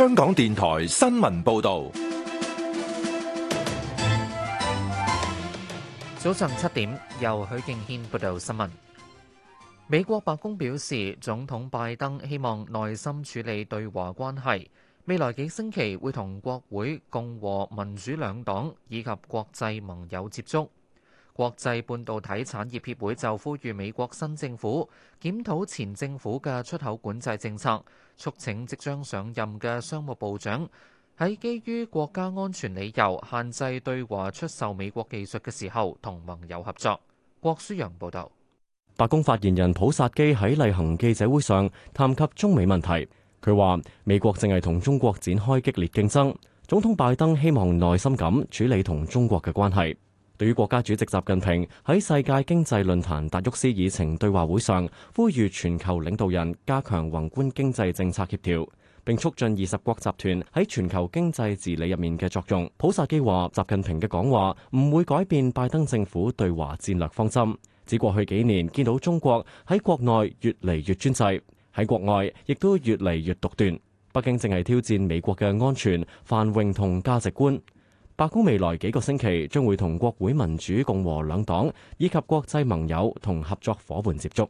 香港電台新聞報道，早晨七點，由許敬軒報道新聞。美國白宮表示，總統拜登希望耐心處理對華關係，未來幾星期會同國會共和民主兩黨以及國際盟友接觸。國際半導體產業協會就呼籲美國新政府檢討前政府嘅出口管制政策，促請即將上任嘅商務部長喺基於國家安全理由限制對華出售美國技術嘅時候，同盟友合作。郭舒陽報導。白宮發言人普薩基喺例行記者會上探及中美問題，佢話：美國正係同中國展開激烈競爭，總統拜登希望耐心咁處理同中國嘅關係。對於國家主席習近平喺世界經濟論壇達沃斯議程對話會上呼籲全球領導人加強宏觀經濟政策協調，並促進二十國集團喺全球經濟治理入面嘅作用。普薩基話：習近平嘅講話唔會改變拜登政府對華戰略方針。只過去幾年，見到中國喺國內越嚟越專制，喺國外亦都越嚟越獨斷。北京正係挑戰美國嘅安全、繁榮同價值觀。白宮未來幾個星期將會同國會民主共和兩黨以及國際盟友同合作伙伴接觸。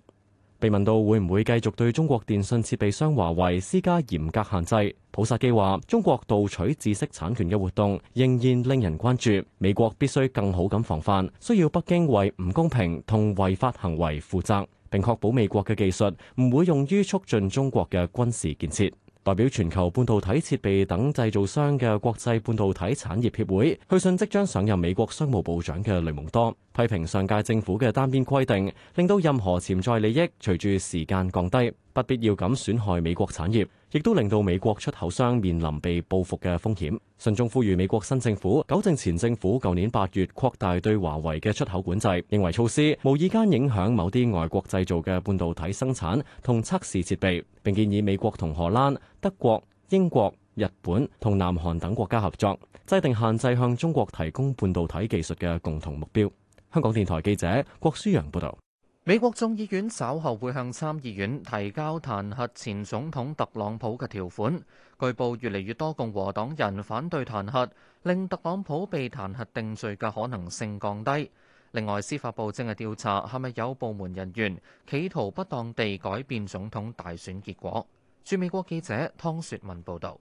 被問到會唔會繼續對中國電信設備商華為施加嚴格限制，普薩基話：中國盜取知識產權嘅活動仍然令人關注，美國必須更好咁防範，需要北京為唔公平同違法行為負責，並確保美國嘅技術唔會用於促進中國嘅軍事建設。代表全球半導體設備等製造商嘅國際半導體產業協會，去信即將上任美國商務部長嘅雷蒙多，批評上屆政府嘅單邊規定，令到任何潛在利益隨住時間降低，不必要咁損害美國產業。亦都令到美國出口商面臨被報復嘅風險。信中呼籲美國新政府糾正前政府舊年八月擴大對華為嘅出口管制，認為措施無意間影響某啲外國製造嘅半導體生產同測試設備，並建議美國同荷蘭德國英國日本同南韓等國家合作，制定限制向中國提供半導體技術嘅共同目標。香港電台記者郭書陽報道。美國眾議院稍後會向參議院提交彈劾前總統特朗普嘅條款。據報越嚟越多共和黨人反對彈劾，令特朗普被彈劾定罪嘅可能性降低。另外，司法部正係調查係咪有部門人員企圖不當地改變總統大選結果。駐美國記者湯雪文報道。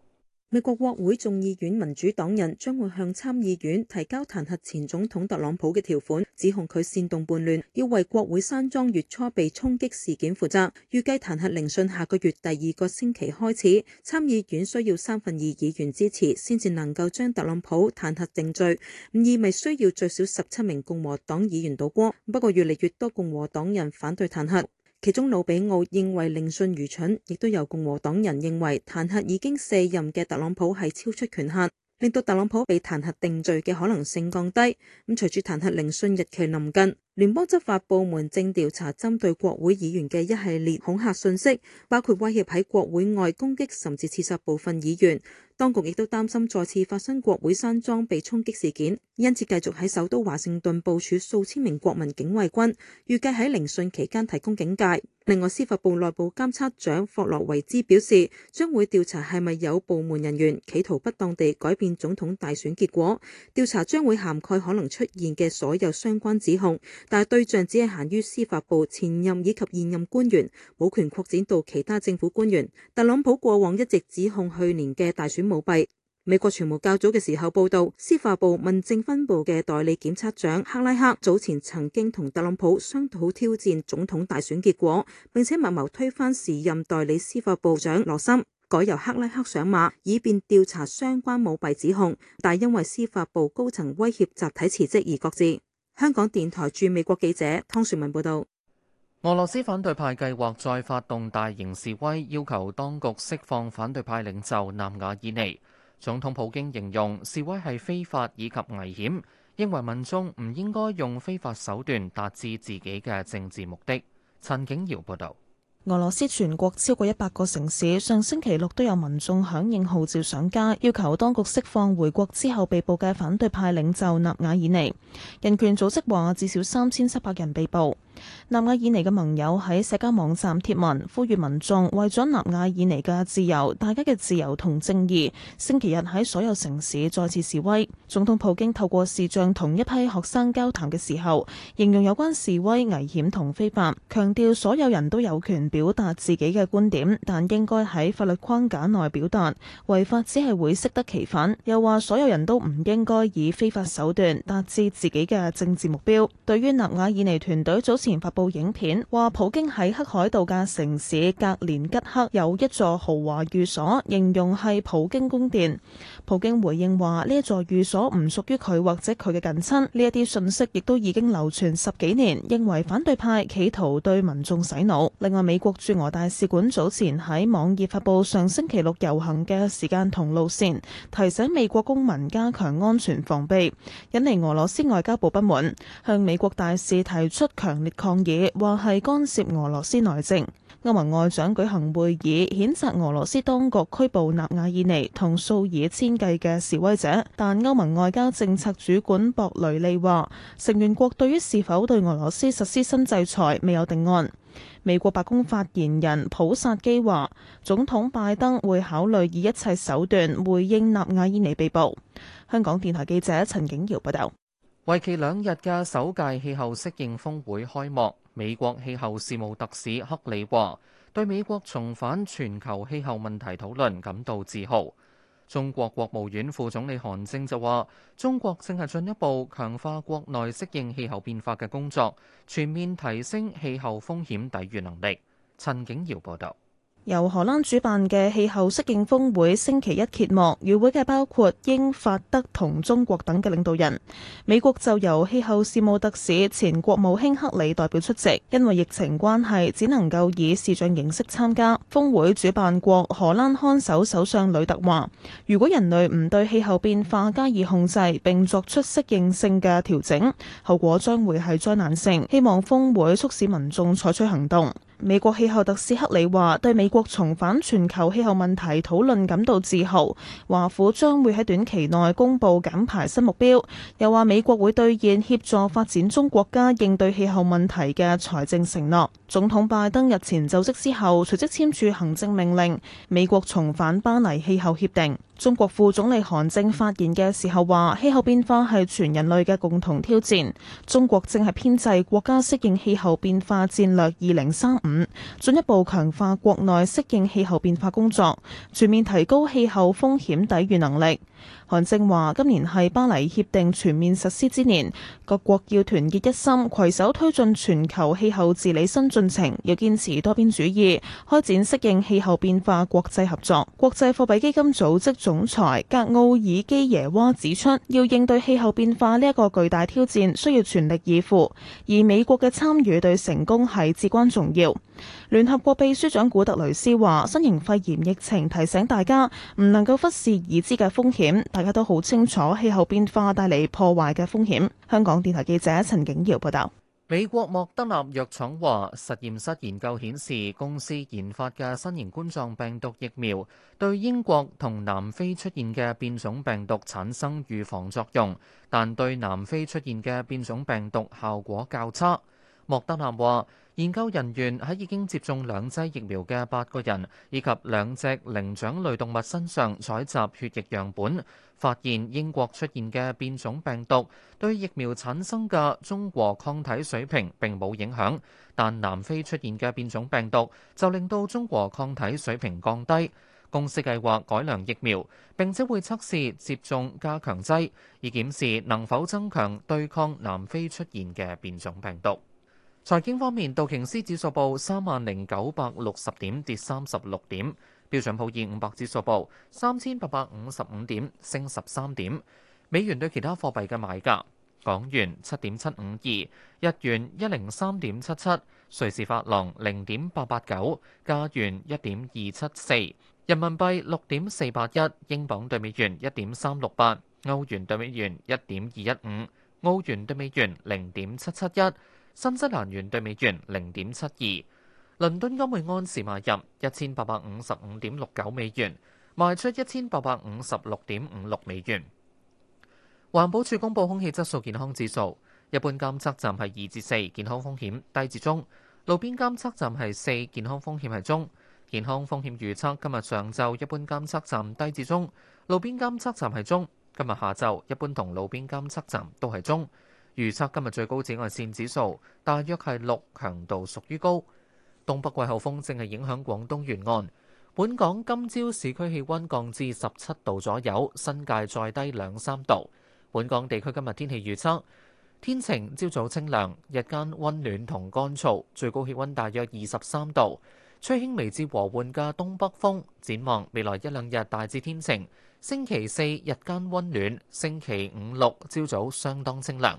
美國國會眾議院民主黨人將會向參議院提交彈劾前總統特朗普嘅條款，指控佢煽動叛亂，要為國會山莊月初被衝擊事件負責。預計彈劾聆訊下個月第二個星期開始，參議院需要三分二議員支持，先至能夠將特朗普彈劾定罪，唔意味需要最少十七名共和黨議員倒戈。不過越嚟越多共和黨人反對彈劾。其中，魯比奧認為聆訊愚蠢，亦都有共和黨人認為彈劾已經卸任嘅特朗普係超出權限，令到特朗普被彈劾定罪嘅可能性降低。咁隨住彈劾聆訊日期臨近，聯邦執法部門正調查針對國會議員嘅一系列恐嚇信息，包括威脅喺國會外攻擊甚至刺殺部分議員，當局亦都擔心再次發生國會山莊被衝擊事件，因此繼續喺首都華盛頓部署數千名國民警衛軍，預計喺聆訊期間提供警戒。另外，司法部內部監察長霍洛維茲表示，將會調查係咪有部門人員企圖不當地改變總統大選結果。調查將會涵蓋可能出現嘅所有相關指控。但係對象只係限於司法部前任以及現任官員，冇權擴展到其他政府官員。特朗普過往一直指控去年嘅大選舞弊。美國傳媒較早嘅時候報導，司法部民政分部嘅代理檢察長克拉克早前曾經同特朗普商討挑戰總統大選結果，並且密謀推翻時任代理司法部長羅森，改由克拉克上馬，以便調查相關舞弊指控。但因為司法部高層威脅集體辭職而擱置。香港電台駐美國記者湯雪文報道：俄羅斯反對派計劃再發動大型示威，要求當局釋放反對派領袖納瓦爾尼。總統普京形容示威係非法以及危險，認為民眾唔應該用非法手段達至自己嘅政治目的。陳景堯報道。俄羅斯全國超過一百個城市，上星期六都有民眾響應號召上街，要求當局釋放回國之後被捕嘅反對派領袖納瓦爾尼。人權組織話，至少三千七百人被捕。納瓦爾尼嘅盟友喺社交網站貼文，呼籲民眾為咗納瓦爾尼嘅自由，大家嘅自由同正義，星期日喺所有城市再次示威。總統普京透過視像同一批學生交談嘅時候，形容有關示威危險同非法，強調所有人都有權表達自己嘅觀點，但應該喺法律框架內表達，違法只係會適得其反。又話所有人都唔應該以非法手段達至自己嘅政治目標。對於納瓦爾尼團隊早前前發佈影片話，普京喺黑海度假城市格連吉克有一座豪華寓所，形容係普京宮殿。普京回應話，呢一座寓所唔屬於佢或者佢嘅近親。呢一啲信息亦都已經流傳十幾年，認為反對派企圖對民眾洗腦。另外，美國駐俄大使館早前喺網頁發佈上星期六遊行嘅時間同路綫，提醒美國公民加強安全防備，引嚟俄羅斯外交部不滿，向美國大使提出強烈。抗議話係干涉俄羅斯內政。歐盟外長舉行會議，譴責俄羅斯當局拘捕納瓦爾尼同數以千計嘅示威者。但歐盟外交政策主管博雷利話，成員國對於是否對俄羅斯實施新制裁未有定案。美國白宮發言人普薩基話，總統拜登會考慮以一切手段回應納瓦爾尼被捕。香港電台記者陳景堯。報道。為期兩日嘅首屆氣候適應峰會開幕，美國氣候事務特使克里話，對美國重返全球氣候問題討論感到自豪。中國國務院副總理韓正就話，中國正係進一步強化國內適應氣候變化嘅工作，全面提升氣候風險抵禦能力。陳景瑤報道。由荷蘭主辦嘅氣候適應峰會星期一揭幕，與會嘅包括英、法、德同中國等嘅領導人。美國就由氣候事務特使前國務卿克里代表出席，因為疫情關係，只能夠以視像形式參加。峰會主辦國荷蘭看守首相呂特話：「如果人類唔對氣候變化加以控制，並作出適應性嘅調整，後果將會係災難性。」希望峰會促使民眾採取行動。美國氣候特使克里話，對美國重返全球氣候問題討論感到自豪。華府將會喺短期內公布減排新目標，又話美國會兌現協助發展中國家應對氣候問題嘅財政承諾。總統拜登日前就職之後，隨即簽署行政命令，美國重返巴黎氣候協定。中國副總理韓正發言嘅時候話，氣候變化係全人類嘅共同挑戰。中國正係編制《國家適應氣候變化戰略二零三五》，進一步強化國內適應氣候變化工作，全面提高氣候風險抵禦能力。韓正話：今年係巴黎協定全面實施之年，各國要團結一心，攜手推進全球氣候治理新進程，要堅持多邊主義，開展適應氣候變化國際合作。國際貨幣基金組織總裁格奧爾基耶娃指出，要應對氣候變化呢一個巨大挑戰，需要全力以赴，而美國嘅參與對成功係至關重要。聯合國秘書長古特雷斯話：新型肺炎疫情提醒大家，唔能夠忽視已知嘅風險。大家都好清楚，氣候變化帶嚟破壞嘅風險。香港電台記者陳景耀報道，美國莫德納藥廠話，實驗室研究顯示，公司研發嘅新型冠狀病毒疫苗對英國同南非出現嘅變種病毒產生預防作用，但對南非出現嘅變種病毒效果較差。莫德納話，研究人員喺已經接種兩劑疫苗嘅八個人以及兩隻靈長類動物身上採集血液樣本，發現英國出現嘅變種病毒對疫苗產生嘅中和抗體水平並冇影響，但南非出現嘅變種病毒就令到中和抗體水平降低。公司計劃改良疫苗，並且會測試接種加強劑，以檢視能否增強對抗南非出現嘅變種病毒。財經方面，道瓊斯指數報三萬零九百六十點，跌三十六點。標準普爾五百指數報三千八百五十五點，升十三點。美元對其他貨幣嘅買價：港元七點七五二，日元一零三點七七，瑞士法郎零點八八九，加元一點二七四，人民幣六點四八一，英鎊對美元一點三六八，歐元對美元一點二一五，澳元對美元零點七七一。新西蘭元兌美元零點七二，倫敦金每盎司買入一千八百五十五點六九美元，賣出一千八百五十六點五六美元。環保署公布空氣質素健康指數，一般監測站係二至四，健康風險低至中；路邊監測站係四，健康風險係中。健康風險預測今日上晝一般監測站低至中，路邊監測站係中；今日下晝一般同路邊監測站都係中。預測今日最高紫外線指數大約係六，強度屬於高。東北季候風正係影響廣東沿岸，本港今朝市區氣溫降至十七度左右，新界再低兩三度。本港地區今日天氣預測：天晴，朝早清涼，日間溫暖同乾燥，最高氣溫大約二十三度，吹輕微至和緩嘅東北風。展望未來一兩日大致天晴，星期四日間溫暖，星期五、六朝早相當清涼。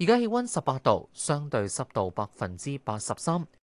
而家氣溫十八度，相對濕度百分之八十三。